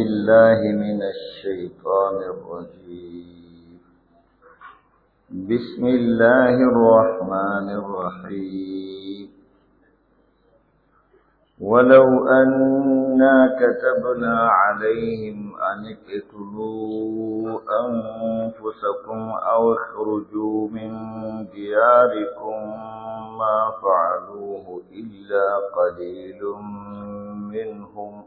بالله من الشيطان الرجيم بسم الله الرحمن الرحيم ولو أنا كتبنا عليهم أن اقتلوا أنفسكم أو اخرجوا من دياركم ما فعلوه إلا قليل منهم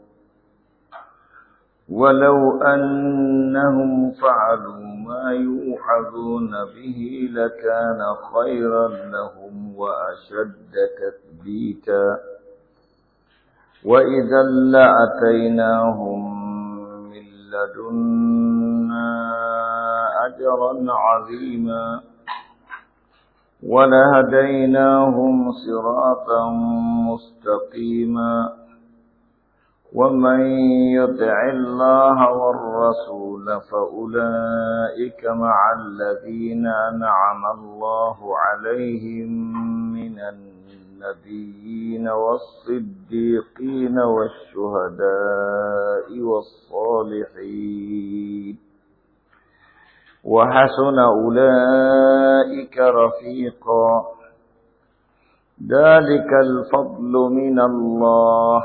ولو أنهم فعلوا ما يوحظون به لكان خيرا لهم وأشد تثبيتا وإذا لأتيناهم من لدنا أجرا عظيما ولهديناهم صراطا مستقيما ومن يطع الله والرسول فأولئك مع الذين أنعم الله عليهم من النبيين والصديقين والشهداء والصالحين وحسن أولئك رفيقا ذلك الفضل من الله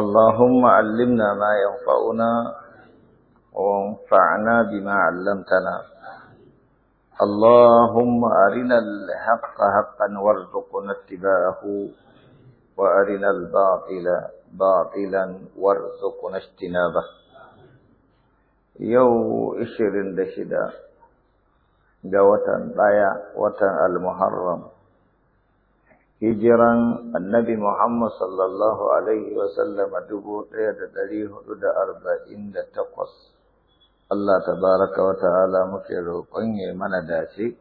اللهم علمنا ما ينفعنا وانفعنا بما علمتنا اللهم أرنا الحق حقا وارزقنا اتباعه وأرنا الباطل باطلا وارزقنا اجتنابه يو إشرين دشدا ga watan ɗaya watan hijiran annabi Muhammad sallallahu Alaihi wasallama dubu ɗaya da ɗari hudu da arba'in da takwas. Allah tabaraka wa ta'ala muke roƙon ya mana dace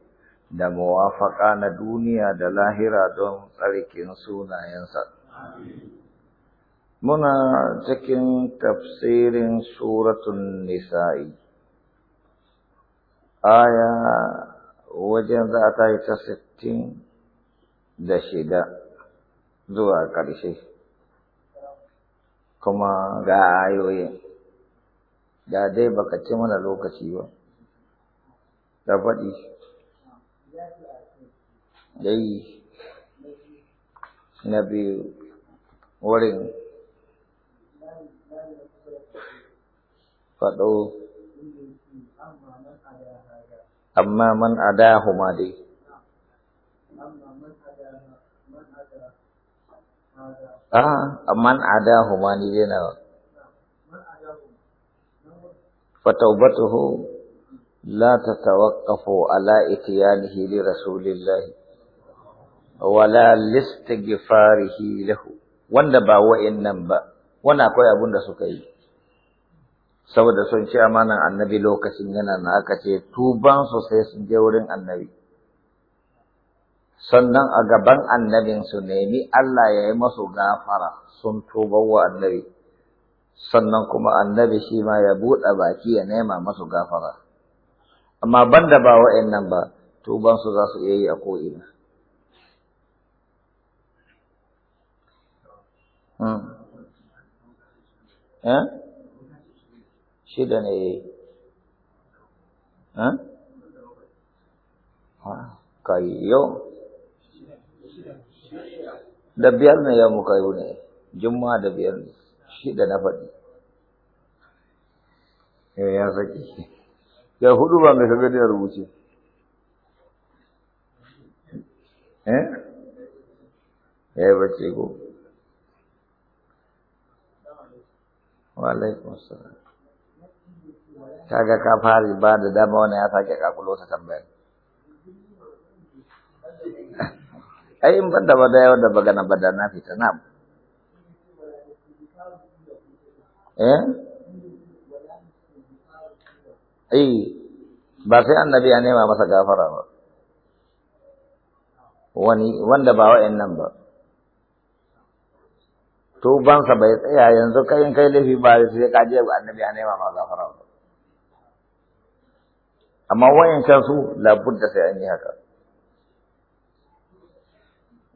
da muwafaƙa na duniya da lahira don tsarkin sunayensa. Muna cikin tafsirin suratun nisa'i. Aya wajen za ta yi ta sittin da shida zuwa ƙarshe kuma ga ayoyin da dai baka ci mana lokaci ba da faɗi dai na biyu wurin faɗo amma man ma dai a ah, aman ada ma ni dai nawa فتوبته لا تتوقف على اتيانه لرسول الله ولا لاستغفاره wanda ba nan ba Wana akwai abun da suka yi saboda sun ci amanan annabi lokacin yana na aka ce tuban su sai sun je wurin annabi sannan a gaban annabin su nemi Allah ya yi masu gafara sun tuba annabi sannan kuma annabi shi ma ya buɗe baki ya nema masu gafara amma banda ba wa'annan ba tuban za su iya yi a ko'ina hmm. eh? shida ne ya yi eh? ah, da biyar ne ya muka yi ne juma da biyar ne shi da na faɗi eh, ya saki ya hudu ba mai kaga da rubuce eh ya yi bacci ko wa alaikum assalam kaga ka fara ba da dama wani ya sake kakulo ta tambayar ai in banda ba da yawa da bagana bada na ta na eh ai ba sai annabi ya nema masa gafara ba wani wanda ba wa'annan ba to sa bai tsaya yanzu kai in kai laifi ba sai ka je annabi ya nema masa gafara ba amma wayan kansu labudda sai an yi haka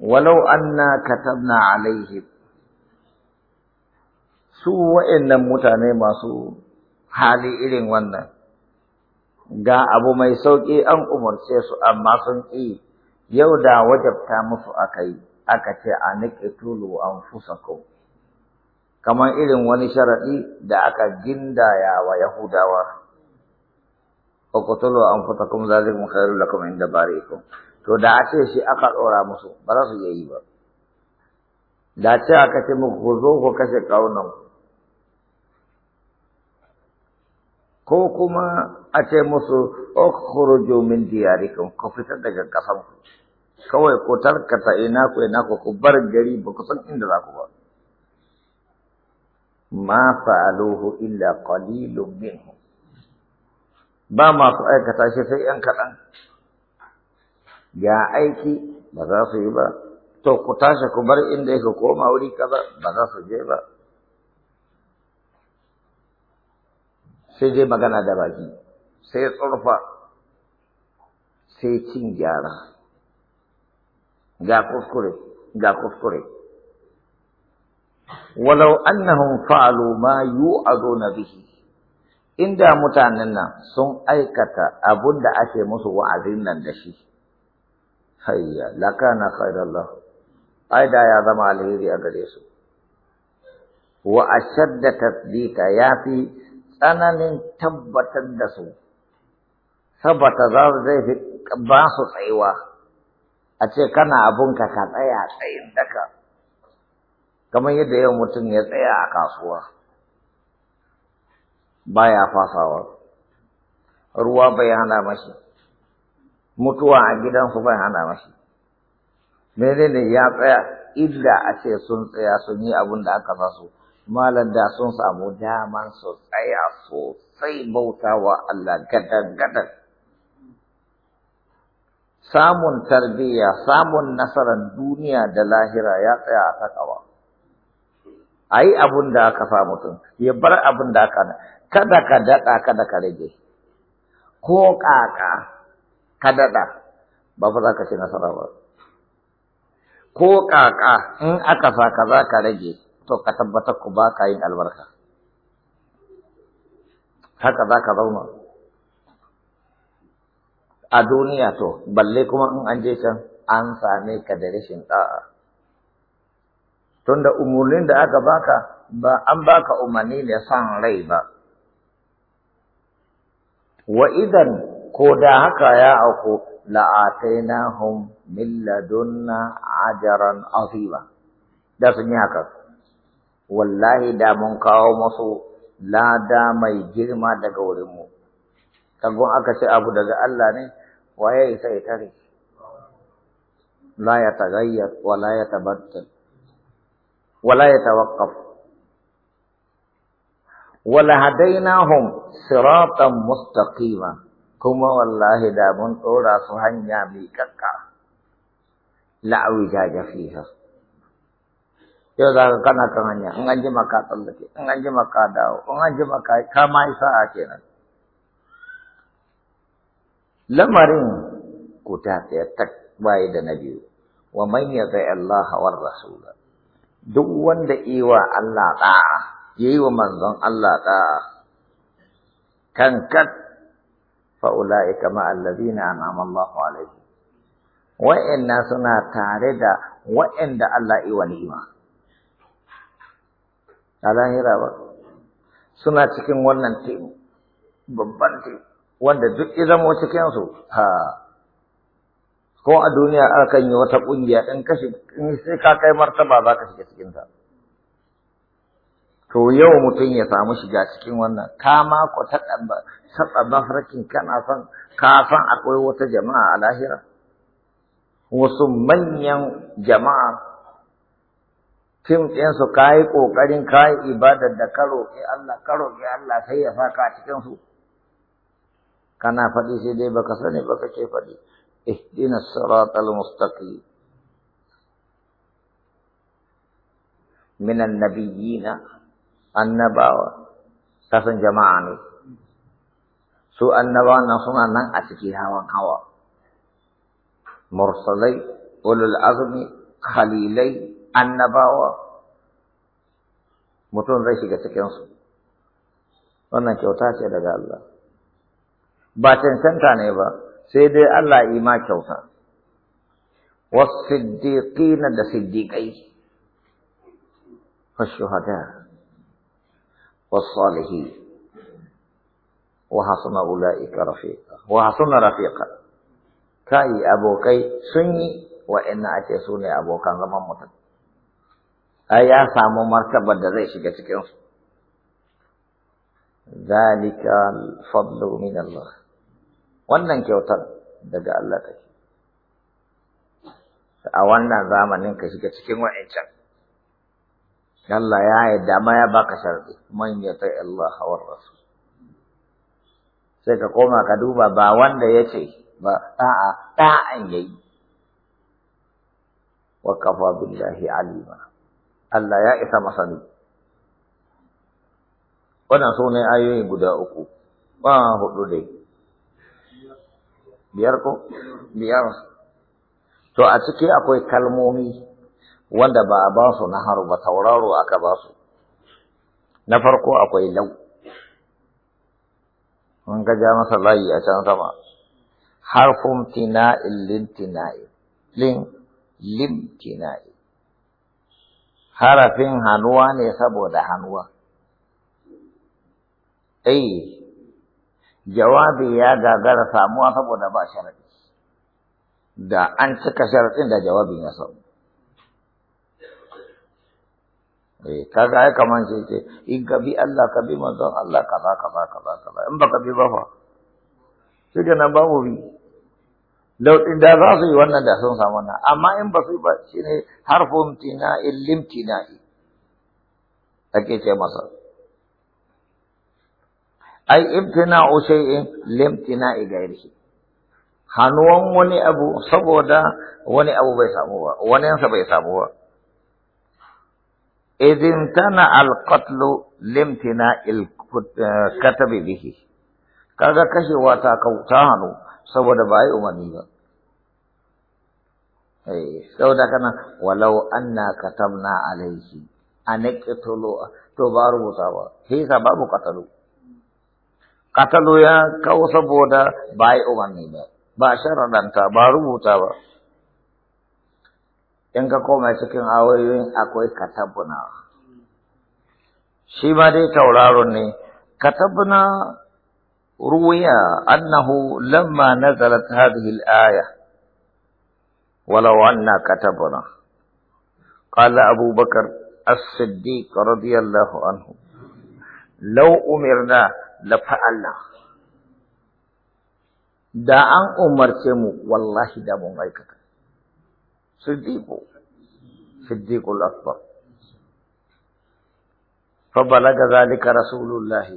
walau anna katabna alaihim su wa'annan mutane masu hali irin wannan ga abu mai sauki an umarce su amma sun ƙi yau da wajabta musu akai aka ce a niƙe tulu an fusako kamar irin wani sharaɗi da aka gindaya wa yahudawa uqtulu anfusakum zalikum khairul lakum inda barikum to da a ce shi aka ɗora musu ba za su iya yi ba da ce aka ce muku ku zo ku kashe ku. ko kuma a ce musu ukhruju min kan ku fita daga kasan ku kawai ku tarkata ina ku ina ku ku bar gari ba ku san inda za ku ba ma fa'aluhu illa qalilun minhum ba ma su aikata shi sai ‘yan kaɗan. ga aiki ba za su yi ba to ku tashi ku bar inda yake koma wuri kaza ba za su je ba sai dai magana da baki sai tsurfa sai cin gyara ga kuskure ga kuskure walau annahum fa'alu ma yu'aduna bihi inda mutanen nan sun aikata abun da ake musu wa'azin nan da shi hayya lakana khairallah ai da ya zama alheri a gare su wa ashadda ya yafi tsananin tabbatar da su sabata za su zai fi ba su tsayuwa a ce kana abunka ka tsaya tsayin daka kamar yadda yau mutum ya tsaya a kasuwa baya fasawa ruwa bai hana mashi mutuwa a gidansu bai hana mashi menene ya tsaya illa a ce sun tsaya sun yi abin da aka sa su malam da sun samu daman su tsaya sosai bautawa Allah gadar-gadar. samun tarbiyya samun nasarar duniya da lahira ya tsaya a takawa a yi abin da aka sa mutum ya bar abin da aka kada ka daɗa kada ka rage ko ƙaƙa ka daɗa ba fa za ka ci nasara ba ko ƙaƙa in aka sa ka za ka rage to ka tabbatar ku ba ka yin albarka haka za ka zauna a duniya to balle kuma in an je can an same ka da rashin ɗa'a tunda umarnin da aka baka ba an baka umarni ne san rai ba wa idan ko da haka ya auku la'atainahum min ladunna ajran azima da sun yi haka wallahi da mun kawo musu lada mai girma daga wurin mu kago aka ce abu daga Allah ne waye isa ya tare la ya tagayyar wa la ya tabattal wa la ya tawaqqaf wa la hadainahum siratan mustaqima kuma wallahi da mun ɗora su hanya mai kakka la'awi jaja fiha yau za ka kana kan hanya in an jima maka tsallake in an jima maka dawo in an jima ka kama yi a kenan lamarin ku ta tsaye tak bayi da na biyu wa man yaza Allah war rasul duk wanda iwa Allah da'a yayi wa manzon Allah da'a kan kat fa’ula’ika ma’allazi na naman Wa'in na suna tare da wa'in da Allah iya walima, alahira ba, suna cikin wannan tim, babban tim, wanda duk izamo cikinsu ha, ko a duniya aka yi wata ƙungiya ɗin kashi, in sai ka kai martaba za ka shiga cikinsa. to yau mutum ya samu shiga cikin wannan ka ma ku taɓa mafarkin kana son ka san akwai wata jama'a a lahira wasu manyan jama'a timtinsu ɗinsu ka yi ƙoƙarin ka yi ibadar da ka roƙi Allah ka roƙi Allah sai ya saka a cikin su kana faɗi sai dai baka sani baka ce faɗi ihdina siratal mustaqim minan nabiyina annabawa sasan jama'a ne su annabawa nan suna nan a cikin hawan hawa mursalai ulul azmi khalilai annabawa mutum zai shiga cikinsu wannan kyauta ce daga Allah ba cancanta ne ba sai dai Allah yi ma kyauta wasiddiqina da siddiqai fashuhada wassalihi wahasuna ulai ka rafiqa wahasuna rafiqa kai abu kai sunyi wa inna ake sunai abokan zaman mutum ai ya samu martabar da zai shiga cikin su zalika fadlu min allah wannan kyautar daga allah a wannan zamanin ka shiga cikin wa'ancan Allah ya yarda ma ya baka sharɗi man ta Allah hawar rasu sai ka koma ka duba ba wanda ya ce ba a'a ya yi. wa kafa billahi alima Allah ya isa masani wannan ne ayoyi guda uku ba hudu dai biyar ko biyar to a ciki akwai kalmomi wanda ba a ba su haru ba tauraro aka ba su na farko akwai lau mun ga ja masa layi a can sama harfun tina'in lintina'i lin Tina. harafin hannuwa ne saboda hannuwa ai eh, jawabi ya gagara samuwa saboda ba sharadi da an cika sharadin da jawabin ya samu Eh, kaga ai kaman shi ce in ka bi Allah ka bi manzon Allah kaza kaza kaza kaza in baka bi ba fa sai nan babu bi din da za su yi wannan da sun samu na amma in ba su yi ba shi ne harfin tina yi ake ce masa ai tina yi ga gairihi hannuwan wani abu saboda wani abu bai samu ba wani yansa bai samu ba idin tana alƙatlu limtina katabi bihi kaga kashewa ta kauta hannu saboda ba yi umarni ba saboda kana walau anna katabna alaihi an iqtulu to ba rubuta ba sai babu katalu katalu ya kawo saboda ba yi umarni ba ba sharadanta ba rubuta ba in ka koma cikin awayoyin akwai katabuna shi ma dai tauraron ne katabuna ruwiya annahu lamma nazalat hadhihi al-aya walau anna katabuna qala Abubakar as-siddiq radiyallahu anhu law umirna la fa'alna da an umarce mu wallahi da mun aikata صديق صديق الأكبر فبلغ ذلك رسول الله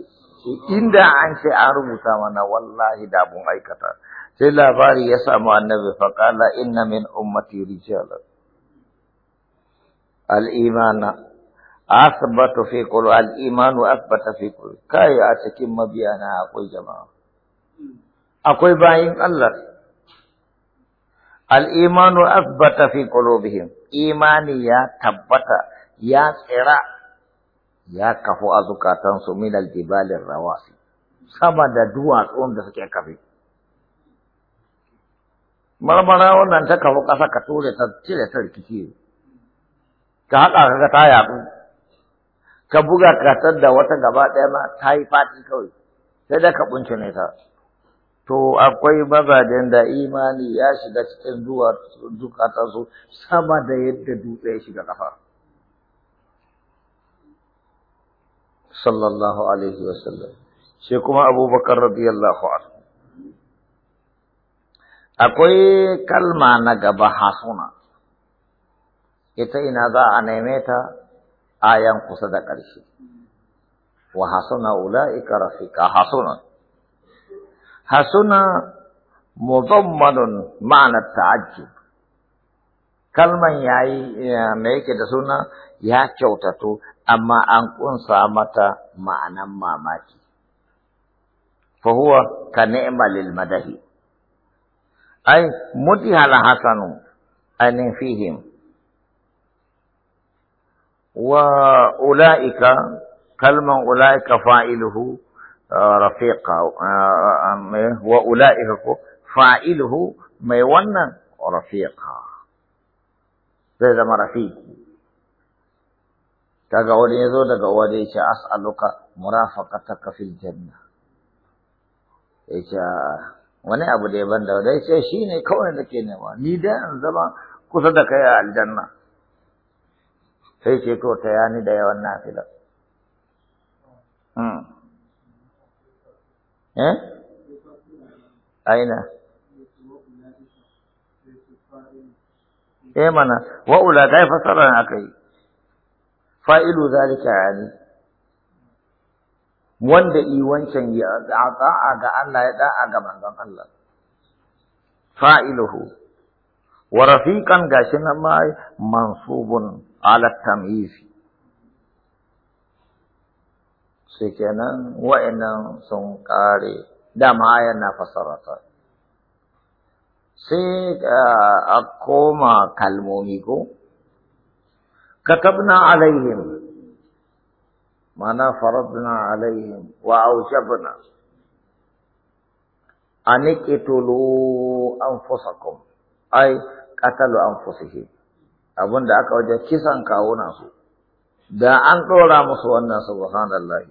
inda an ce an rubuta mana wallahi da abun aikata sai labari ya samu annabi faƙala inna min ummati rijalan al-imana asbatu fi qulu al-imanu asbata fi qulu kai a cikin na akwai jama'a akwai bayin Allah al'imanu asbata fi qulubihim imani ya tabbata ya tsira ya kafu a zukatansu min aljibalin rawasi sama da da suke kafe marmara wannan ta kafu ƙasa ka ture ta cire ta rikici ka haɗa ka ta yaɗu ka buga ka da wata gaba ɗaya ta yi fati kawai sai da ka ɓunce ne ta to akwai mazajen da imani ya shiga cikin zuwa zukatansu sama da yadda dutse ya shiga kafa sallallahu alaihi wasallam shi kuma abubakar radiyallahu anhu akwai kalma na gaba hasuna ita ina za a neme ta ayan kusa da ƙarshe wa hasuna ula'ika rafiqa hasuna hasuna mudammanun ma'anar ta'ajjub kalman yayi mai yake da suna ya kyautatu amma an kunsa mata ma'anan mamaki fa huwa ka ni'ma lil madahi ai mutiha hala hasanu anin fihim wa ulaika kalman ulaika fa'iluhu رفيق آه، آه، واولئك فاعله ما يونا رفيقا هذا ما رفيقي تقول يذو تقول ايش اسالك مرافقتك في الجنه ايش آه، وانا ابو دي بند ايش شي ني كون لك ني وا ني ده زبا كوسدك يا الجنه ايش كو تياني ده يونا في ده eh aina eh mana wa ula kai fasara akai fa'ilu zalika yani wanda yi wancan ya da'a ga Allah ya da'a ga manzon Allah fa'iluhu wa rafiqan gashi nan ma mansubun ala tamyiz shi kenan wa'annan sun ƙare dama ayan na fasarata sai eh, a koma kalmomi ko katabna alaihim mana faradna alaihim wa aujabna an anfusakum ai katalu anfusihim abinda aka waje kisan kawo su. da an dora musu wannan subhanallahi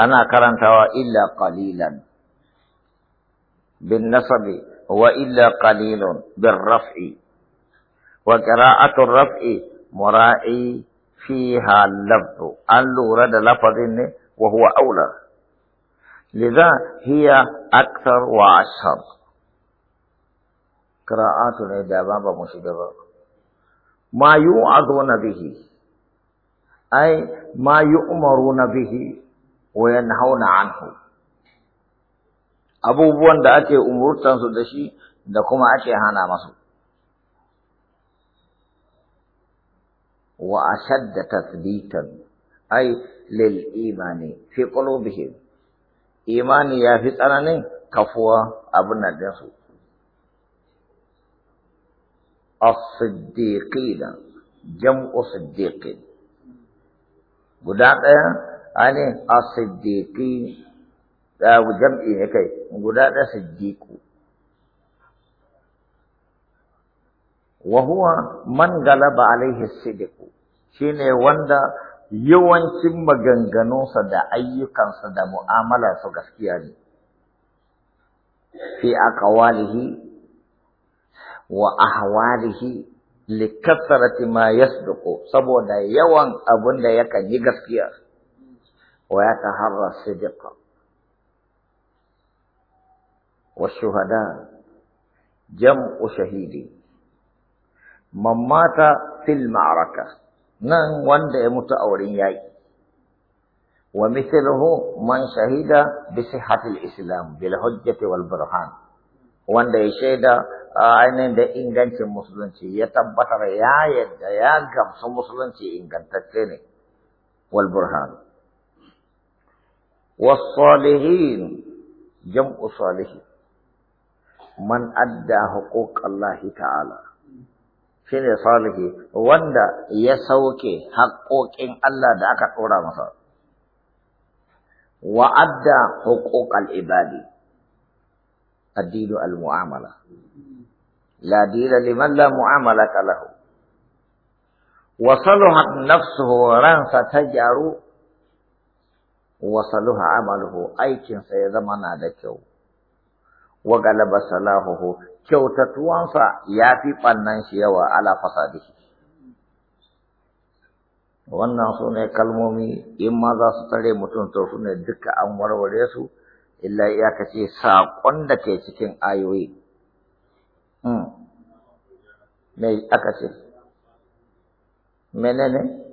أنا كرنتها إلا قليلا بالنصب وإلا قليل بالرفع وقراءة الرفع مرائي فيها اللفظ أن رد لفظ وهو أولى لذا هي أكثر وأشهر قراءات عند الإدابة مشدرة ما يوعظون به أي ما يؤمرون به wa yanhauna anhu abubuwan da ake umurtan su da shi da kuma ake hana masu wa ashadda tasbitan ay lil imani fi qulubihim imani ya fi tsananin kafuwa abin nan din su as jam'u siddiqin guda ɗaya Ani asiddiqi da jam'i ne kai guda da siddiqu wa huwa man galaba alaihi sidiqu shine wanda yawancin maganganunsa da ayyukansa da mu'amalarsa gaskiya ne fi aqwalihi wa ahwalihi likathrati ma yasduqu saboda yawan abunda da yakan yi gaskiya ويتهرى الصدق والشهداء جمع شهيد من مات في المعركة نان نعم، وند متأورين ياي ومثله من شهد بصحة الإسلام بالحجة والبرهان وند يشهد أين آه ده إنجان في مسلم في يتبطر يا يد يا قبص مسلم في إنجان تكيني والبرهان والصالحين جمع صالح من أدى حقوق الله تعالى shine salihi wanda ya sauke haƙoƙin Allah da aka ɗora masa wa adda huquqal ibadi ad al-mu'amala la dina liman la mu'amala lahu ta gyaru wasaluha amaluhu aikinsa ya zama na da kyau wa galaba salahuhu kyautatuwansa ya fi ɓannan shi yawa ala fasadihi wannan su ne kalmomi in ma za su tare mutum to su ne duka an warware su illa ce saƙon da ke cikin ayoyi hmm. me aka ce menene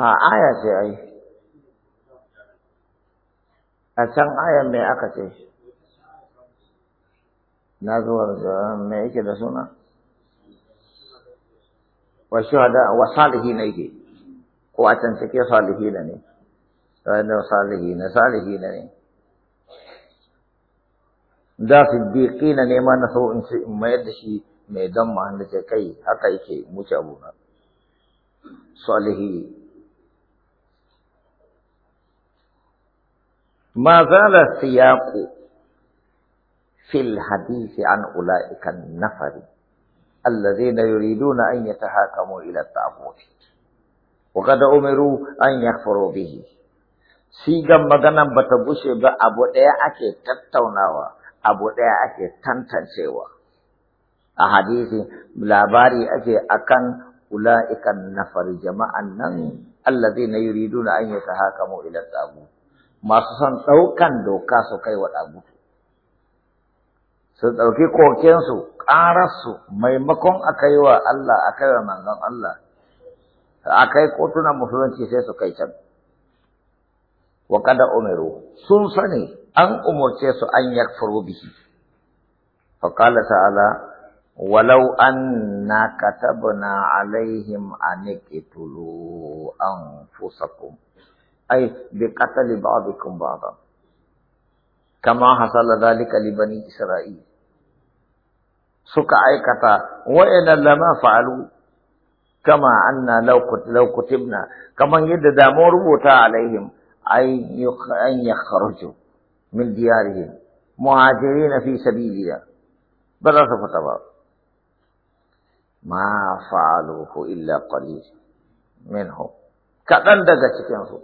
a aya ce ai a can ayan mai aka ce na zuwa da mai yake da suna wa shuhada wa Salihi salihina yake ko a can Salihi na ne wanda wa Salihi ne da siddiqina ne biƙi na so in sau in mayar da shi mai damma na ce kai haka yake muce na salihi ما زال السياق في الحديث عن أولئك النفر الذين يريدون أن يتحاكموا إلى التعبوت وقد أمروا أن يغفروا به سيغا مغانا بتبوشي با أبو دي أكي تتوناوا أبو دي أكي تنتن سيوا أحاديث لاباري أكي أكن أولئك النفر جماعا الذين يريدون أن يتحاكموا إلى التعبوت masu son ɗaukan doka su kai wa ɗagu. su ɗauki kokensu ƙararsu maimakon a kai wa Allah a kai wa manzon Allah a kai kotunan musulunci sai su kai can wa kada Umaru sun sani an umarce su an yakfuru bihi fa qala ta'ala ولو أنا كتبنا عليهم أن اقتلوا أنفسكم أي بقتل بعضكم بعضا كما حصل ذلك لبني إسرائيل سكا كتا وإن لما فعلوا كما أن لو كتبنا كما يد مربوط عليهم أن يخرجوا من ديارهم مهاجرين في سبيل الله فتبار ما فعلوه إلا قليل منهم كأن دقت كنصر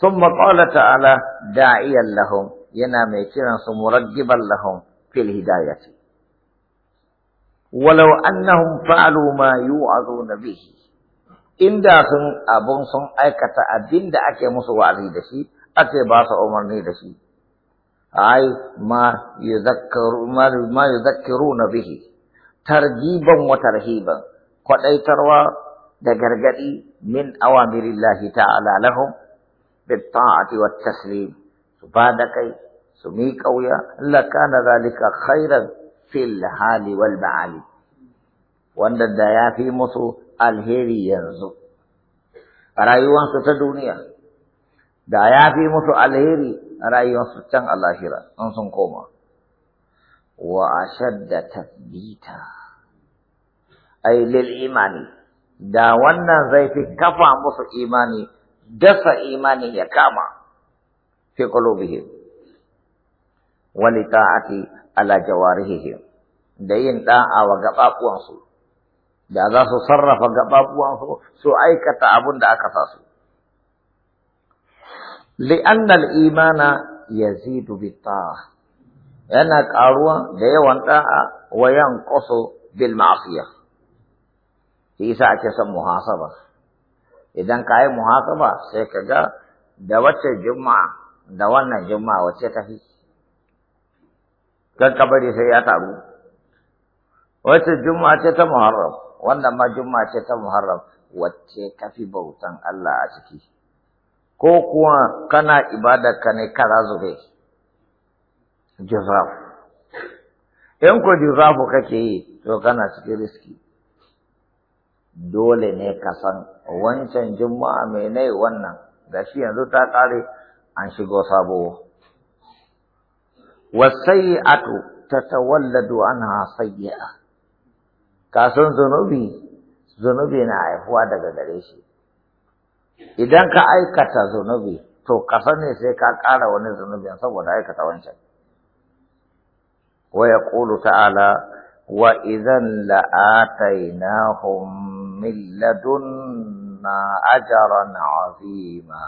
ثم قال تعالى داعيا لهم ينامي كرنس مرجبا لهم في الهداية ولو أنهم فعلوا ما يوعظون به إن داسن أبون سن أيكة أبين دا أكي مصوى علي دشي أكي باس أمرني دشي أي ما يذكر ما, ما يذكرون به ترجيبا وترهيبا قد أي تروى دا من أوامر الله تعالى لهم بالطاعة والتسليم سبادكي سميك أويا لكان ذلك خيرا في الحال والمعالي وأن الدايا في مصر alheri yanzu a ta duniya da ya fi musu alheri a rayuwarsu can alahira sun koma wa ashadda tabbita ai lil imani da wannan zai fi kafa musu imani دفع إيمانه كاما في قلوبهم ولطاعتي على جوارحهم دين تاعا وقبا قوانسو جادا سصرف وقبا قوانسو سعي كتابون دا كفاسو لأن الإيمان يزيد بالطاعة أنا كاروة ديوان تاعا وينقص بالمعصية في ساعة كسم محاسبة idan ka yi muhasaba sai ka ga da wacce juma'a da wannan juma'a wacce ta fi kan kabari sai ya taru wacce juma'a ce ta muharram wannan ma juma'a ce ta muharram wacce ka fi bautan Allah a ciki ko kuwa kana ibada ka ne kara zube jazaf in ko jazafu kake yi to kana cikin riski dole ne ka san wancan juma'a mai nai wannan shi yanzu ta ƙare an shigo sabo ta tatawalladu anha sayyi'a ka san zunubi zunubi na haifuwa daga gare shi idan ka aikata zunubi to ka ne sai ka ƙara wani zunubin saboda aikata wancan wa yaqulu ta'ala wa idan la'atainahum Milladun لدنا ajaran azima.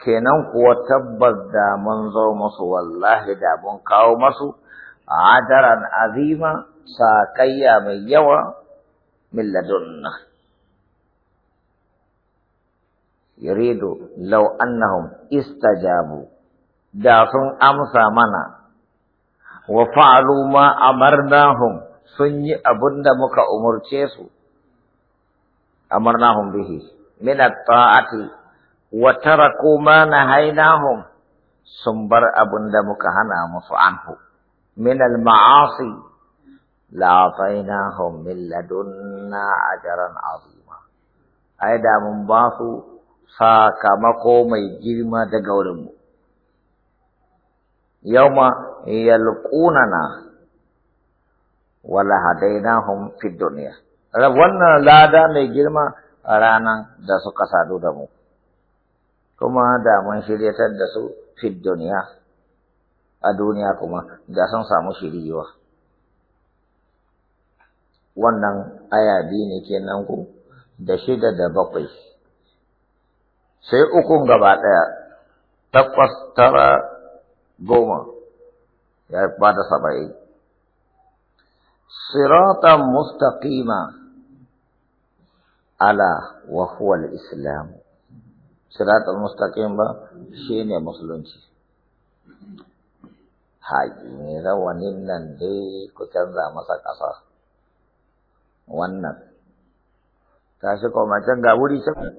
kenan kuwa tabbas da mun zo musu wallahi da mun kawo musu adaran azima sakayya mai yawa min ladunna yuridu law annahum istajabu da sun amsa mana wa fa'alu ma amarnahum sun yi abin da muka umurce su amarnahum bihi min taati wa taraku ma nahaynahum sun bar abin da muka hana musu anhu min maasi la atainahum min ladunna ajran azima ai da mun ba su sakamako mai girma daga wurinmu yauma na. wala hadainahum fid dunya wannan lada mai girma a ranan da suka sadu da mu kuma da mun shiryatar da su fid dunya a duniya kuma da sun samu shiriwa wannan aya biyu ne kenan ku da shida da bakwai sai ukun gaba ɗaya takwas tara goma ya bada saba'in صراط مستقيما على وهو الاسلام صراط المستقيم شيني مسلمتي haƙi ne rawanin nan dai ku canza masa ƙasa wannan Ta shi kuma can ga wuri can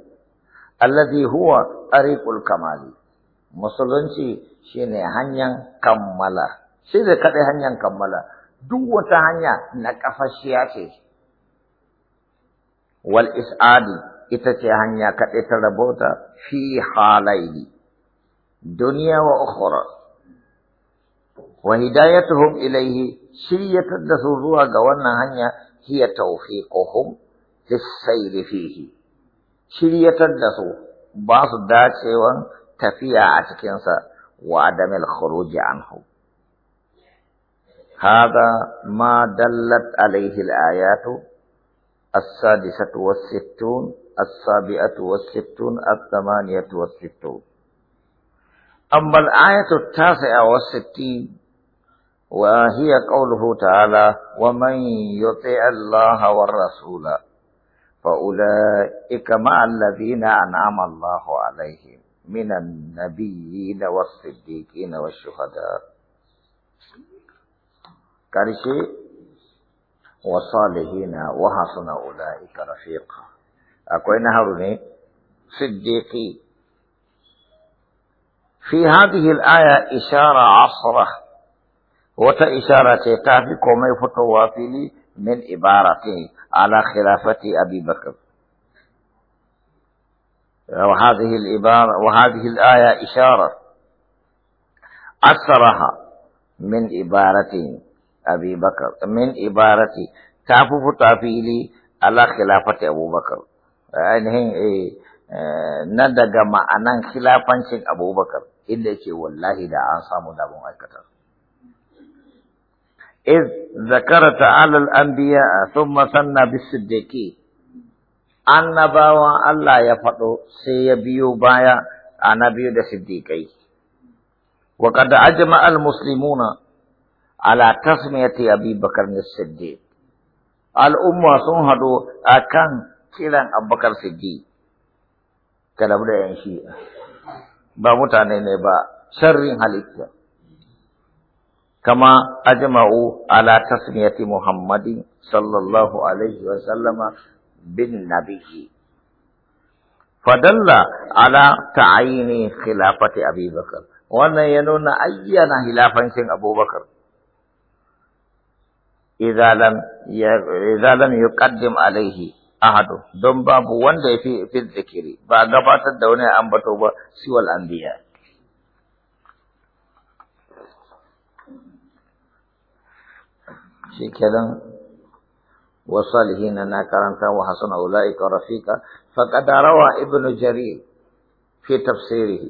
allazi huwa tariqul kamali musulunci shine hanyar kammala shi da kaɗai hanyar kammala duk wata hanya na kafashiya ce wal is'adi ita ce hanya kaɗai ta rabota fi halaili duniya wa ukhra wa hidayatuhum ilaihi shiryatar da su zuwa ga wannan hanya hiya tawfiquhum fi sayri fihi shiryatar da su ba su dacewan tafiya a cikinsa wa adamil khuruji anhu هذا ما دلت عليه الآيات السادسة والستون السابعة والستون الثمانية والستون أما الآية التاسعة والستين وهي قوله تعالى ومن يطع الله والرسول فأولئك مع الذين أنعم الله عليهم من النبيين والصديقين والشهداء ƙarshe وصالحين وحسن أولئك رفيق أقول rafiqa صديقي في هذه الآية إشارة عصرة وتإشارة تافي كومي فتوافلي من عبارته على خلافة أبي بكر وهذه العبارة وهذه الآية إشارة أثرها من عبارته أبي بكر من عبارتي تافف تافيلي على خلافة أبو بكر ainihin na daga ma'anan khilafancin abubakar inda yake wallahi da an samu labin aikata. إذ ذكر تعالى الأنبياء ثم سنى بالصديقين annabawa Allah ya faɗo sai ya biyo baya a na biyu da siddiƙai. Wa kada ajma al-muslimuna ala tasmiyati Abi Bakar Siddiq al'umma sun hado akan kiran Abubakar Siddiq Kada bude yan shi ba mutane ne ba sharrin halitta kama ajma'u ala tasmiyati Muhammadin sallallahu alaihi wa sallama bin nabiyyi ala على khilafati Abi Bakar. wannan ya nuna ayyana hilafancin Abubakar. Bakar. إذا لم إذا لم يقدم عليه أحد دم باب وند في في الذكر فأقبات الدونة أنبتوا سوى الأنبياء شكرا وصالحين ناكرا وحسن أولئك رفيقا فقد روى ابن جرير في تفسيره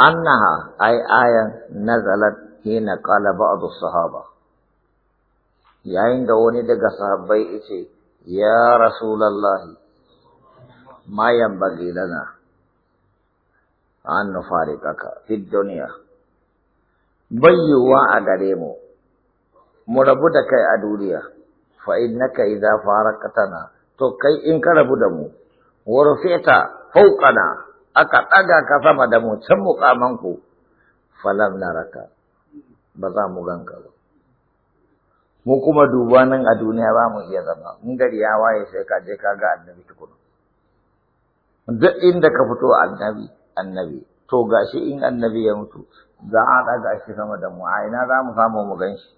أنها أي آية نزلت حين قال بعض الصحابة yayin da wani daga sahabbai yace ya rasulullahi ma yanbaghi lana an nufariqaka fi duniya bayyuwa a gare mu mu rabu da kai a duniya fa innaka idza farakatana to kai in ka rabu da mu wa rufita fawqana aka ɗaga ka sama da mu can mukamanku falam naraka ba za mu ganka ba mu kuma duba nan a duniya ba mu iya zama in gari ya waye sai ka je ka ga annabi tukuna duk inda ka fito annabi annabi to gashi in annabi ya mutu za a ɗaga shi sama da mu a ina za mu samu mu ganshi? shi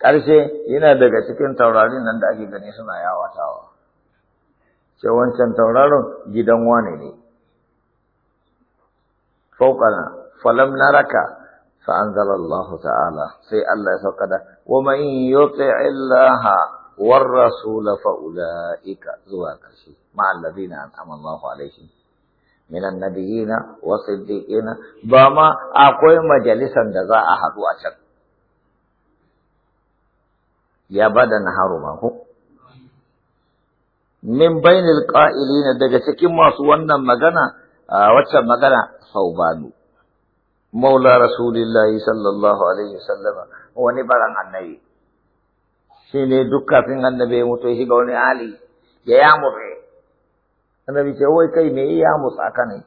ƙarshe yana daga cikin taurarin nan da ake gani suna yawatawa ce wancan tauraron gidan wane ne fauƙana falam naraka فأنزل الله تعالى في الله فقد ومن يطع الله والرسول فأولئك زواك مع الذين أنعم الله عليهم من النبيين والصديقين بما أقوي مجلسا جزاء أحد وأشد يا بدن هرمه من بين القائلين دقتك ما صورنا مجانا واتساب مجانا صوبانو maula rasulillahi sallallahu alaihi wasallama wani baran annabi shi ne duk kafin annabi ya mutu shiga wani hali ya yamutse annabi ce wai kai me ya yamutsa ka ne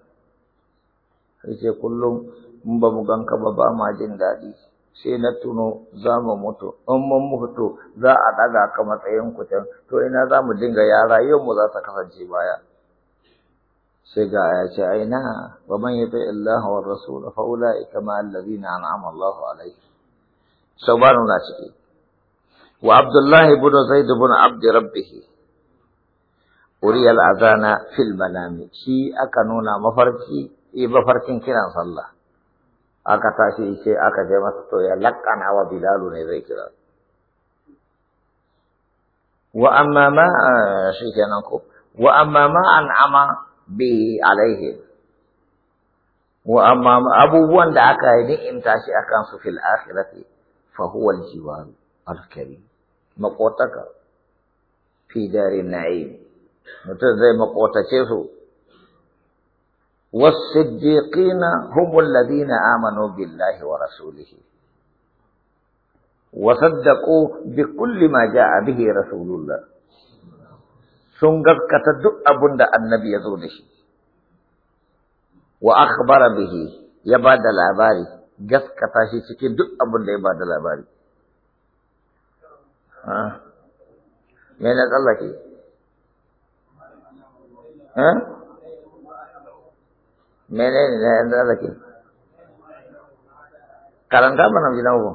sai ce kullum in ba mu ganka ba ba ma jin daɗi sai na tuno za mu mutu in mun mutu za a daga ka matsayin ku to ina za mu dinga yara yau mu za ta kasance baya sai ga ya ce aina wa man yati Allah wa rasul fa ulaika ma alladhina an'ama Allah alayhi sabaru na ciki wa Abdullahi ibn Zaid ibn Abd Rabbih al azana fil manam shi aka nuna mafarki eh mafarkin kiran sallah aka tashi sai aka je masa to ya laqana wa bilalu ne zai kira wa amma ma shi kenan ko wa amma ma an'ama به عليهم وأما أبوان دعك نئم تاشي أكان في الآخرة فهو الجوار الكريم مقوتك في دار النعيم متزي مقوتك والصديقين هم الذين آمنوا بالله ورسوله وصدقوا بكل ما جاء به رسول الله sun gaskata duk abin da annabi ya zo da shi wa akhbara bihi ya ba da labari gaskata shi cikin duk abin da ya ba da labari me na tsallake mene ne na yanzu tsallake karanta mana jina uku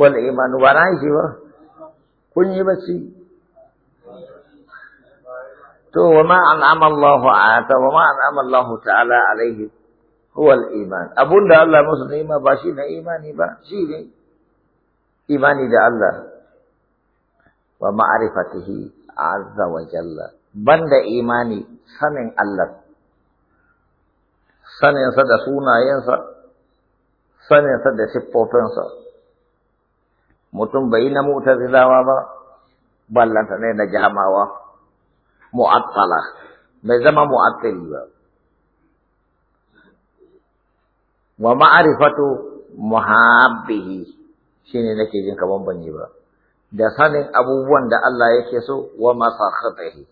wal imanu ba na yi shi ba kun yi bacci to wa ma an'ama Allah ta wa ma an'ama Allah ta'ala alaihi huwa al-iman abunda Allah musu ba shi na imani ba shi ne imani da Allah wa ma'rifatihi azza wa jalla banda imani sanin Allah saninsa da sunayensa saninsa da siffofinsa mutum bai yi na mutazilawa ba ballanta ne na jahamawa mu'attala bai zama mu'attali ba wa ma'arifatu muhabbihi shine nake jin kaman ban yi ba da sanin abubuwan da Allah yake so wa masakhatihi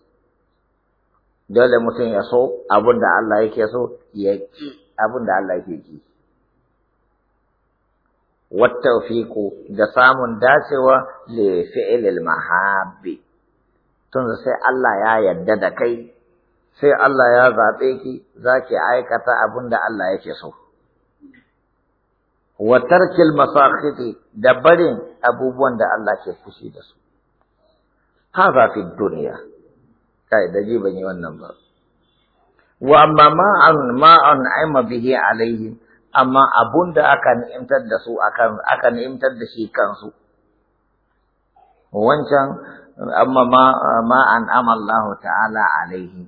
dole mutum ya so abin da Allah yake so ya ki abun da Allah yake ki wattaufiku da samun dacewa li fi'lil mahabbi tun sai Allah ya yarda da kai sai Allah ya zaɓe ki zaki aikata abin da Allah yake so wa tarkil masakhiti da barin abubuwan da Allah ke fushi da su hadha fi duniya. kai da ji ban yi wannan ba wa amma ma an ma an aima bihi alaihim amma abun da aka ni'imtar da su akan aka ni'imtar da shi kansu wancan amma ma ma an amallahu ta'ala alaihi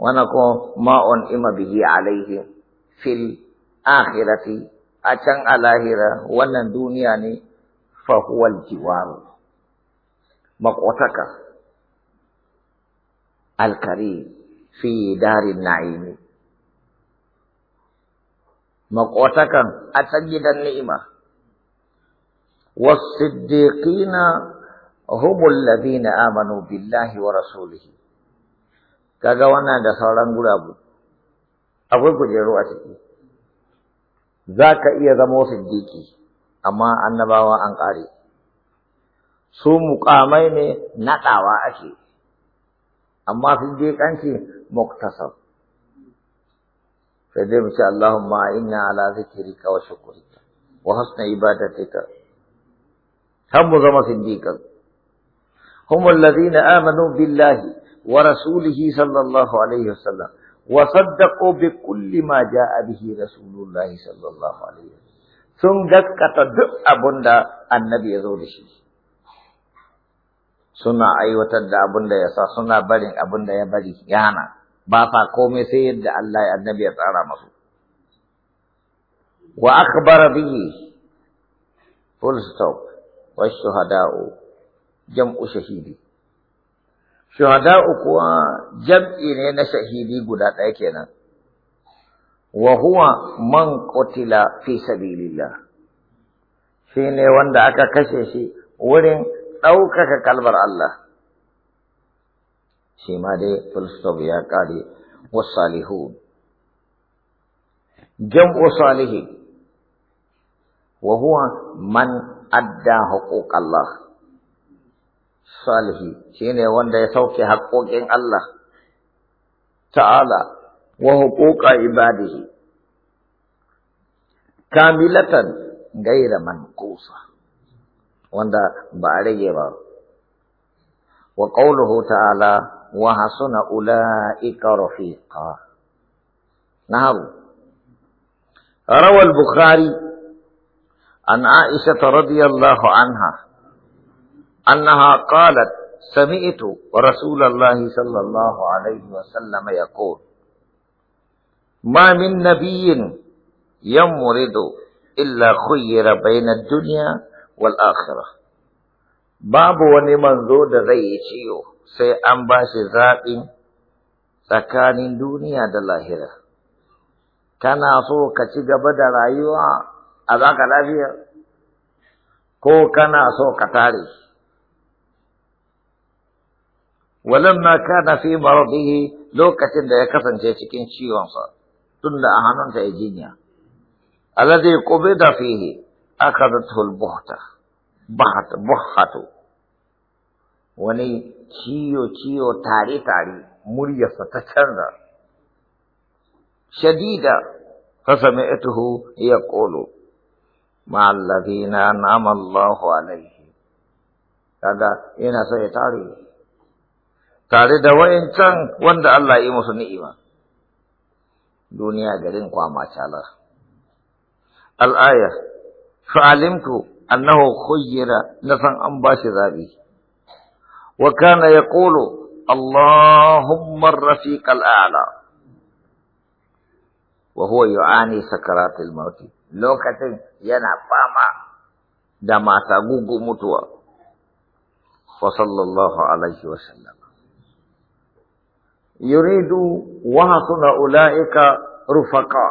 wana ko ma on ima bihi alaihi fil akhirati a can alahira wannan duniya ne fa huwal jiwaru makotaka alkari fi darin na'imi maƙotakan a ta gidan ni'ima. na ladina amanu billahi wa ورسوله kaga wannan da sauran gurabu akwai kujeru a ciki za ka iya zama siddiqi amma annabawa an ƙare su muƙamai ne naɗawa ake amma siddiƙanci muktasar sai dai mu ce Allahumma inna ala zikrika wa shukrika wa husna ibadatika har mu zama siddiqan hum alladhina amanu billahi wa rasulihi sallallahu alaihi وسلم wa saddaqu bi kulli ma jaa bihi rasulullahi sallallahu alaihi wasallam sun gaskata duk abunda annabi ya zo da shi suna aiwatar da abunda ya sa suna barin abunda ya bari yana ba sa komai sai yadda Allah ya annabi ya tsara masu wa akhbara bihi full stop wa shuhada'u jam'u shahidi shuhada'u kuwa jam'i ne na shahidi guda ɗaya kenan wa huwa man qutila fi sabilillah shine wanda aka kashe shi wurin ɗaukaka kalmar Allah shi ma dai filistof ya ƙare wasalihu jam'u salihi wa huwa man adda haƙoƙ Allah salihi shine wanda ya sauke haƙoƙin Allah ta'ala wa haƙoƙa ibadihi kamilatan gaira manqusa wanda ba a rage ba wa qauluhu ta'ala وحسن أولئك رفيقا نعم روى البخاري عن عائشة رضي الله عنها أنها قالت سمعت رسول الله صلى الله عليه وسلم يقول ما من نبي يمرض إلا خير بين الدنيا والآخرة باب ونمن ذو شيوخ sai an ba shi zaɓin tsakanin duniya da lahira. Kana so ka ci gaba da rayuwa a za ka lafiya, ko kana so ka tare. Walamma kana fi maradihi lokacin da ya kasance cikin ciwonsa, tun da a hannunta ya jinya. Alladhi qubida fihi akadathu al-buhta, buhatu. wani ciyo-ciyo tare-tare muryarsa ta canza. Shadida, fasami ituhu ya ƙolo, ma'allazina namallahu alaihi, kaga yana so ya tare, tare da wayancan wanda Allah ya yi musu ni'ima. Duniya garin kwama calar. Al'aya, fa'alimtu annahu khuyyira na san an ba shi zaɓi. وكان يقول اللهم الرفيق الأعلى وهو يعاني سكرات الموت لوكتين ينا فاما دما تغوغو متوى فصلى الله عليه وسلم يريد وحسن أولئك رفقا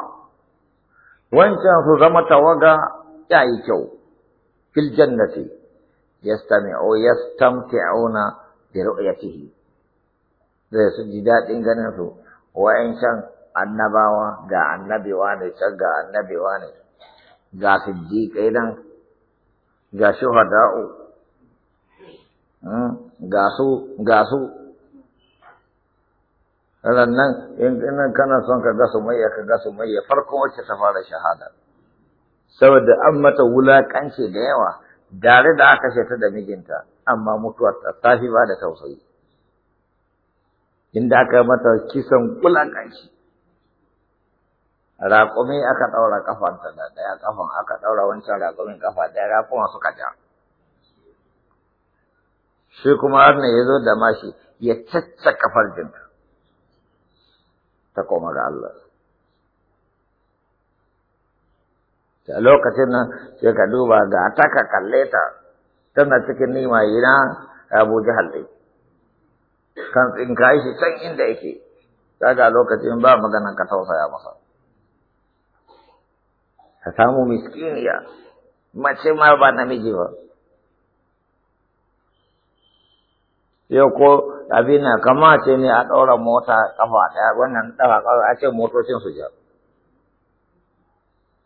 وانشان سزمت وغا يعيشو في الجنة yastami'u yastamti'una bi ru'yatihi da su ji daɗin ganin su wa'in can annabawa ga annabi ne can ga annabi ne ga su ji nan ga hada'u hmm, ga su ga su nan in kana son ka ga su mai ka ga su mai farko wacce ta fara shahada saboda an mata da yawa gare da aka ta da mijinta amma mutuwar ta tafi ba da tausayi inda aka mata kisan kulakan shi raƙumi aka ɗaura ƙafanta da ɗaya kafan aka ɗaura wancan raƙumin kafa ɗaya raƙuma suka ja shi kuma har ne ya zo da mashi ya cacca kafar jinta ta koma ga Allah da lokacin nan sai ka duba ga taka ka kalle ta tana cikin nima ina abu jahal ɗin kan kai shi can inda yake kaga lokacin ba maganan ka tausaya masa ka samu miskiniya mace ma ba namiji ba yau ko abin na kama ne a ɗaura mota kafa ta wannan ɗafa a ce motocin su ja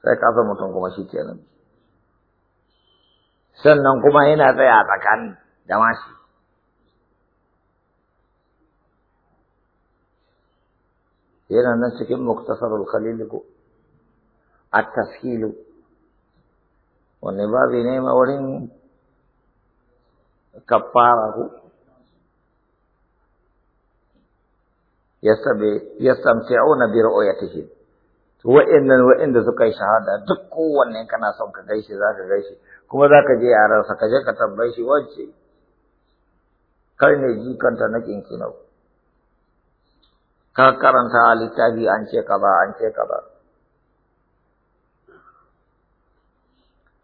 sai ka san mutum kuma shi kenan sannan kuma yana tsaya a tsakani da mashi yana nan cikin muktasarul khalil ko at-tashilu wani babi ne ma wurin kafara ko auna biro ya ru'yatihim wain da suka yi shahada duk kowanne kana son ka gaishe za ka gaishe kuma za ka je sa ka je ka tambaye shi wacce kar ne jikanta na kinkinau ka karanta a littafi an ce ka ba an ce ba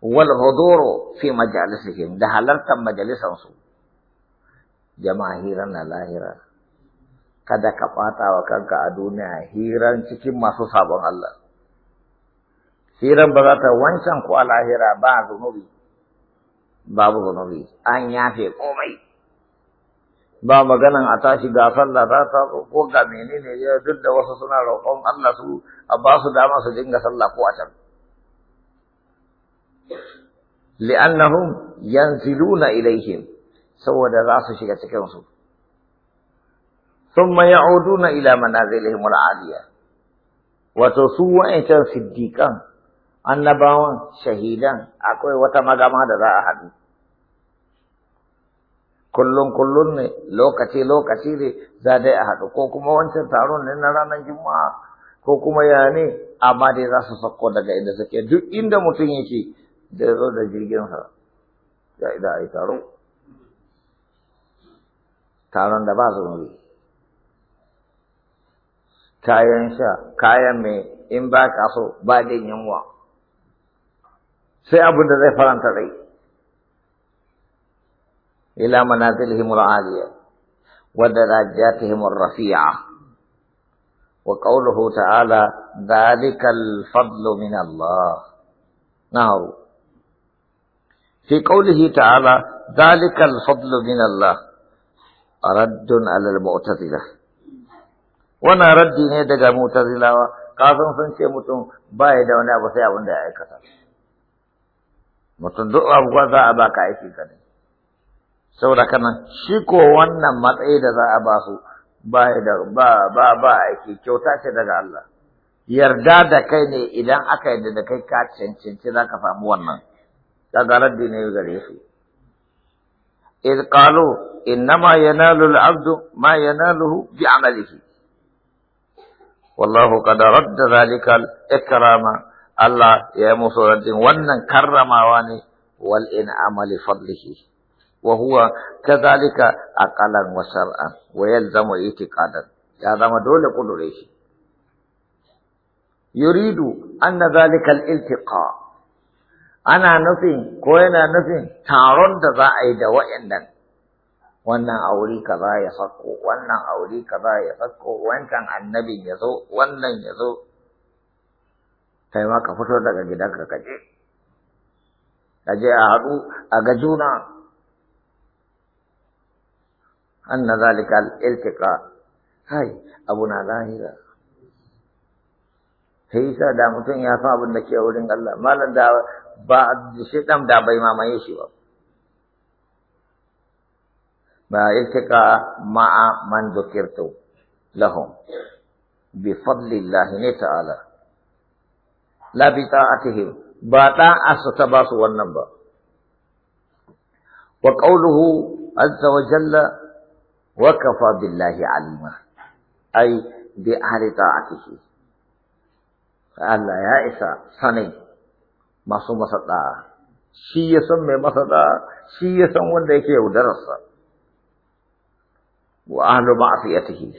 wal huduru fi majalisihim da halartar majalisansu jama'a hira na lahira kada ka ɓata wa kanka a duniya hiran cikin masu sabon Allah. Hiran ba za ta wancan ko a ba zunubi, babu zunubi, an yafe komai. Ba maganan a tashi ga sallah za ta ko ga menene ne duk da wasu suna roƙon Allah su a ba su dama su dinga sallah ko a can. Li'annahum yanziluna ilaihim saboda za su shiga cikinsu. su. na ila يعودون إلى منازلهم العالية وتسوء إنسان صديقا annabawan shahidan akwai wata magama da za a haɗu kullum kullum ne lokaci lokaci ne za dai a haɗu ko kuma wancan taron ne na ranar juma'a ko kuma ya ne amma dai za su sako daga inda suke duk inda mutum yake da zo da jirgin sa ya a yi taro taron da ba zunubi kayan sha kayan mai in ba ka so ba jin yunwa sai abin da zai faranta rai ila manazilihim al-aliya wa darajatihim ar-rafi'a wa qawluhu ta'ala dhalikal fadlu min Allah نعم fi qawlihi ta'ala dhalikal fadlu min Allah رد على المعتزلة wannan raddi ne daga mutazilawa kafin sun ce mutum baya da wani abu sai abin da ya aikata mutum duk abu za a ba ka aiki ka ne saboda kanan shi ko wannan matsayi da za a ba su ba ba ba aiki kyauta ce daga Allah yarda da kai ne idan aka yarda da kai ka cancanci za ka samu wannan daga raddi ne gare su إذ قالوا إنما ينال العبد ما يناله بعمله والله قد رد ذلك الإكرام الله يا مصرد ونن كرم واني والإنعام لفضله وهو كذلك أقلا وشرعا ويلزم اعتقادا يا ما دول قدره يريد أن ذلك الالتقاء أنا نفي كوينا نفي تارون أيدا دوائنا wannan aure kaza ya sako wannan aure kaza ya sako wancan annabin ya zo wannan ya zo kai ma ka fito daga gidanka ka je ka je a haɗu a ga juna anna zalika al-iltiqa kai abu na lahira sai yasa da mutum ya fa abin da ke wurin Allah malam da ba shi da bai mamaye shi ba ارتقى مع من ذكرت لهم بفضل الله تعالى لا بطاعتهم بطاعة ستباس والنبا وقوله عز وجل وكفى بالله عليما أي بأهل طاعته Allah ya isa sanin masu masada, shi ya san mai masada, shi ya san wanda yake yaudararsa. واهل معصيته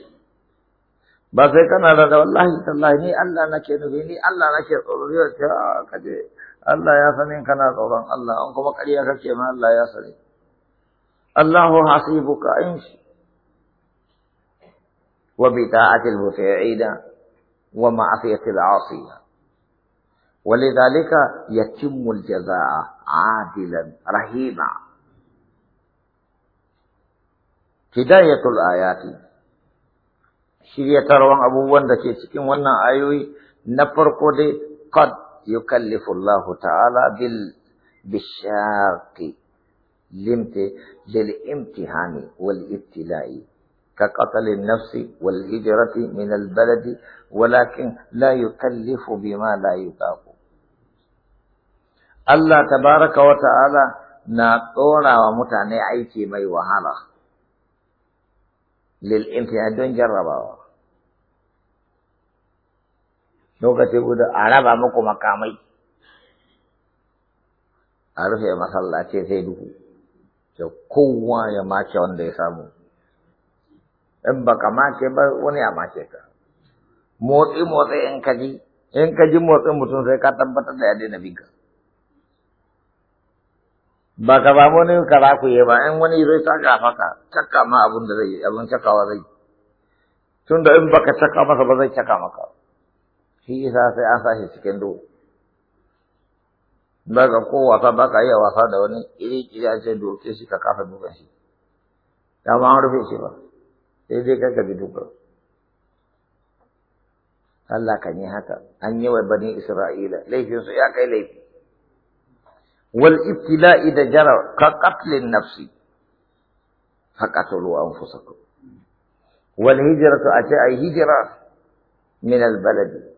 بس كان هذا والله الله ني الله نكيد بني الله نكيد اوليو جا كدي الله يا سنين كان طور الله انكم قليا كشي ما الله يا سنين الله حسيبك إنش وبتاعة المطيعين ومعصية العاصية ولذلك يتم الجزاء عادلا رحيما هداية الآيات شرية روان أبو وان دا كيسكين وانا آيوي نفر قدي قد يكلف الله تعالى بال بالشاق لمت للامتحان والابتلاء كقتل النفس والهجرة من البلد ولكن لا يكلف بما لا يطاق الله تبارك وتعالى نا طورا ومتعني عيتي مي وهالخ lil'imtiya don jarrabawa lokaci guda a raba muku makamai a rufe masallaci sai duhu da kowa ya mace wanda ya samu in baka mace ba wani ya mace ka motsi motsi in ka ji in mutum sai ka tabbatar da ya daina binka ba ka ba wani kara ku yi ba in wani zai saka faka caka ma abun da zai abun cakawa zai tun da in baka caka masa ba zai caka maka shi isa sai an sashi cikin duhu ba ga ko wasa ba ka iya wasa da wani iri kira ce doke shi ka kafa dukan shi da ma an rufe shi ba sai dai ka bi dukan Allah kan yi haka an yi wa bani Isra'ila laifinsu ya kai laifi والابتلاء إذا جرى كقتل النفس فقتلوا أنفسكم والهجرة أتى هجرة من البلد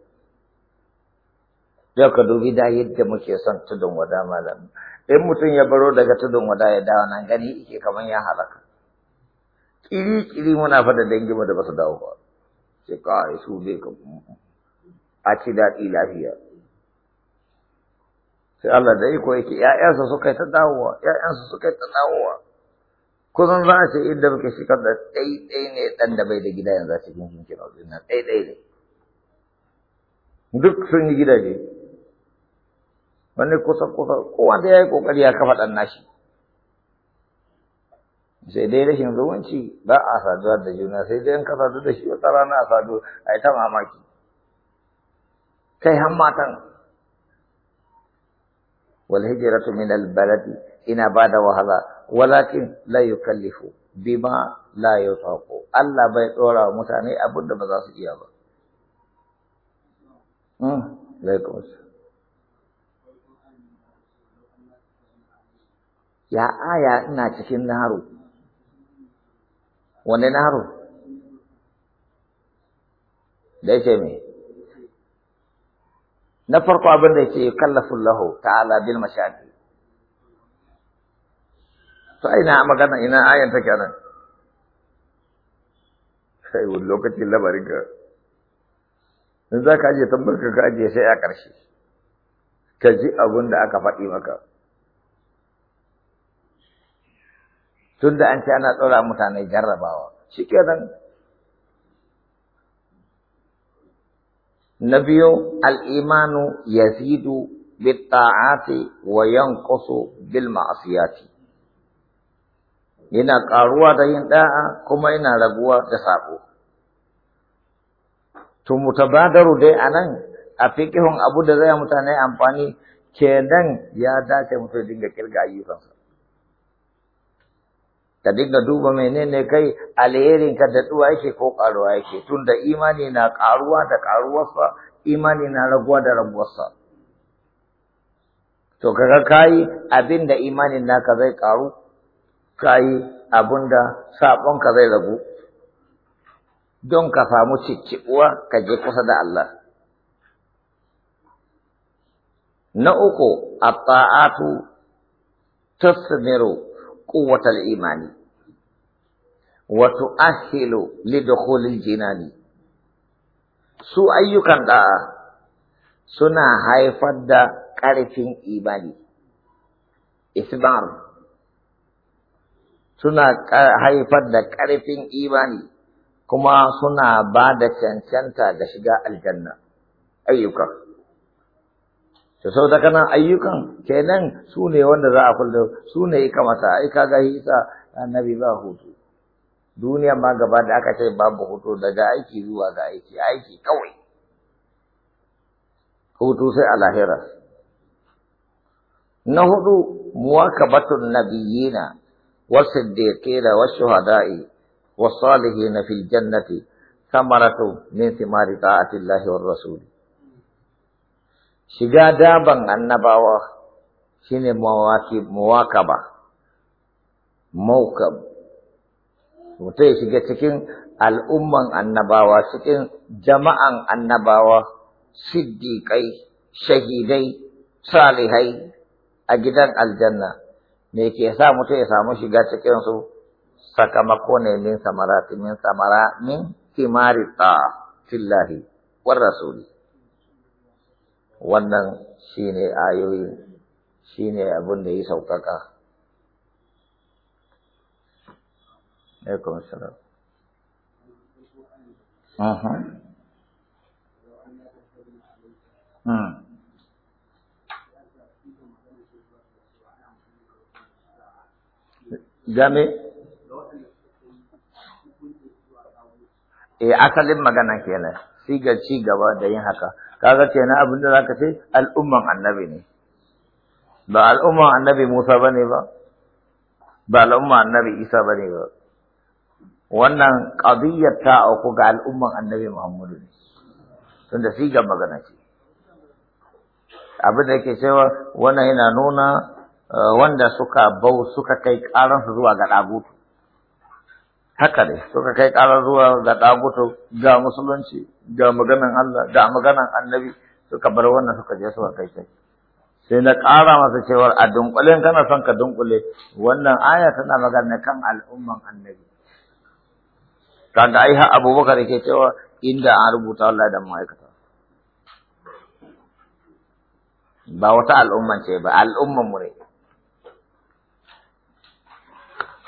Yau ka dubi da yadda muke son tudun wada malam. In mutum ya baro daga tudun wada ya dawo nan gani ike kaman ya halaka. Kiri-kiri muna fada mu da basu dawo ba. Sai ka su be ka mm, mm, mm, a ci daɗi lafiya. sai Allah da iko yake ƴaƴansa suka yi ta dawowa ƴaƴansa suka yi ta dawowa kusan za a ce inda muke shigar da ɗaiɗai ne ɗan da bai da gida yanzu a cikin shinkin ɗin nan ɗaiɗai ne duk sun yi gidaje wani kusa kusa kowa da ya yi ƙoƙari ya kafa ɗan nashi sai dai rashin zumunci ba a saduwa da juna sai dai an ka sadu da shi wata rana a sadu a yi ta mamaki kai har matan wal hijratu min al baladi ina bada wahala walakin la yukallifu bima la yutaqu Allah bai dora wa mutane abin da ba za su iya ba mm ya ina cikin naharu wani naharu da na farko abin da yake kallafu lahu ta'ala bil mashaqi to ina magana ina ayan take nan sai wani lokacin labarin ka in za ka ajiye tambarka ka ajiye sai a ƙarshe ka ji abin da aka faɗi maka tun da an ce ana tsora mutane jarrabawa shi kenan na biyu al'imanu yazidu bitta'ati wa yanqusu bil ma'asiyati yana ƙaruwa da yin da'a kuma yana raguwa da sabo to mutabadaru dai nan a fiqihun abu da zai mutane amfani kenan ya dace mutu dinga kirga ayyukansa ka dinga duba menene kai alherin ka daɗuwa yake ko ƙaruwa yake tunda imani na ƙaruwa da ƙaruwarsa imani na raguwa da raguwarsa to kaga kayi abin da imanin naka zai ƙaru kayi abin da ka zai ragu don ka samu cicciɓuwa ka je kusa da Allah na uku a ta'atu tasmiru imani الإيمان وتؤهل لدخول الجنان su ayyukan da suna haifar da ƙarfin imani, isbar suna haifar da ƙarfin imani kuma suna ba da cancanta da shiga aljanna ayyukan. ta sau da kana ayyukan kenan su ne wanda za a kulle su ne ya kamata ai kaga hisa annabi ba hutu duniya ma gaba da aka ce babu hutu daga aiki zuwa ga aiki aiki kawai hutu sai a lahira na hudu muwakabatun nabiyina والصديقين والشهداء والصالحين في jannati ثمرة من ثمار طاعة الله rasuli. shiga daban annabawa shine mawaki muwakaba mawkab Mutai shiga cikin al'umman annabawa cikin jama'an annabawa siddiƙai shahidai salihai a gidan aljanna me ke sa mutum ya samu shiga cikin su sakamako ne min samara min samara min kimari ah, fillahi war rasuli wannan shine ayoyi shine abin da ya saukaka alaikum salam aha hmm game e eh, asalin magana kenan siga ci gaba da yin haka kaga kenan abin da zaka ce al'umman annabi ne ba al'umman annabi Musa bane ba ba al'umman annabi Isa bane ba wannan qadiyyar ta auku ga al'umman annabi Muhammadu ne tunda shi ga magana ce abin da yake cewa wannan yana nuna eh, wanda suka bau suka kai karansu zuwa ga ɗagutu haka ne suka kai ƙarar zuwa ga ɗagutu ga musulunci ga maganan Allah ga maganan annabi suka bar wannan suka je suka kai kai sai na ƙara masa cewar a dunkulen kana son ka dunkule wannan aya tana magana kan al'umman annabi kaga ai ha abubakar yake cewa inda an rubuta Allah da ma'aikata ba wata al'umman ce ba al'umman mu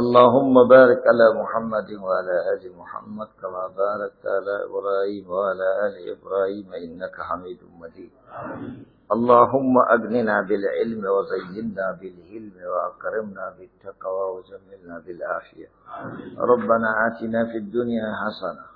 اللهم بارك على محمد وعلى آل محمد كما باركت على إبراهيم وعلى آل إبراهيم إنك حميد مجيد اللهم أغننا بالعلم وزيننا بالعلم وأكرمنا بالتقوى وجملنا بالعافية ربنا آتنا في الدنيا حسنة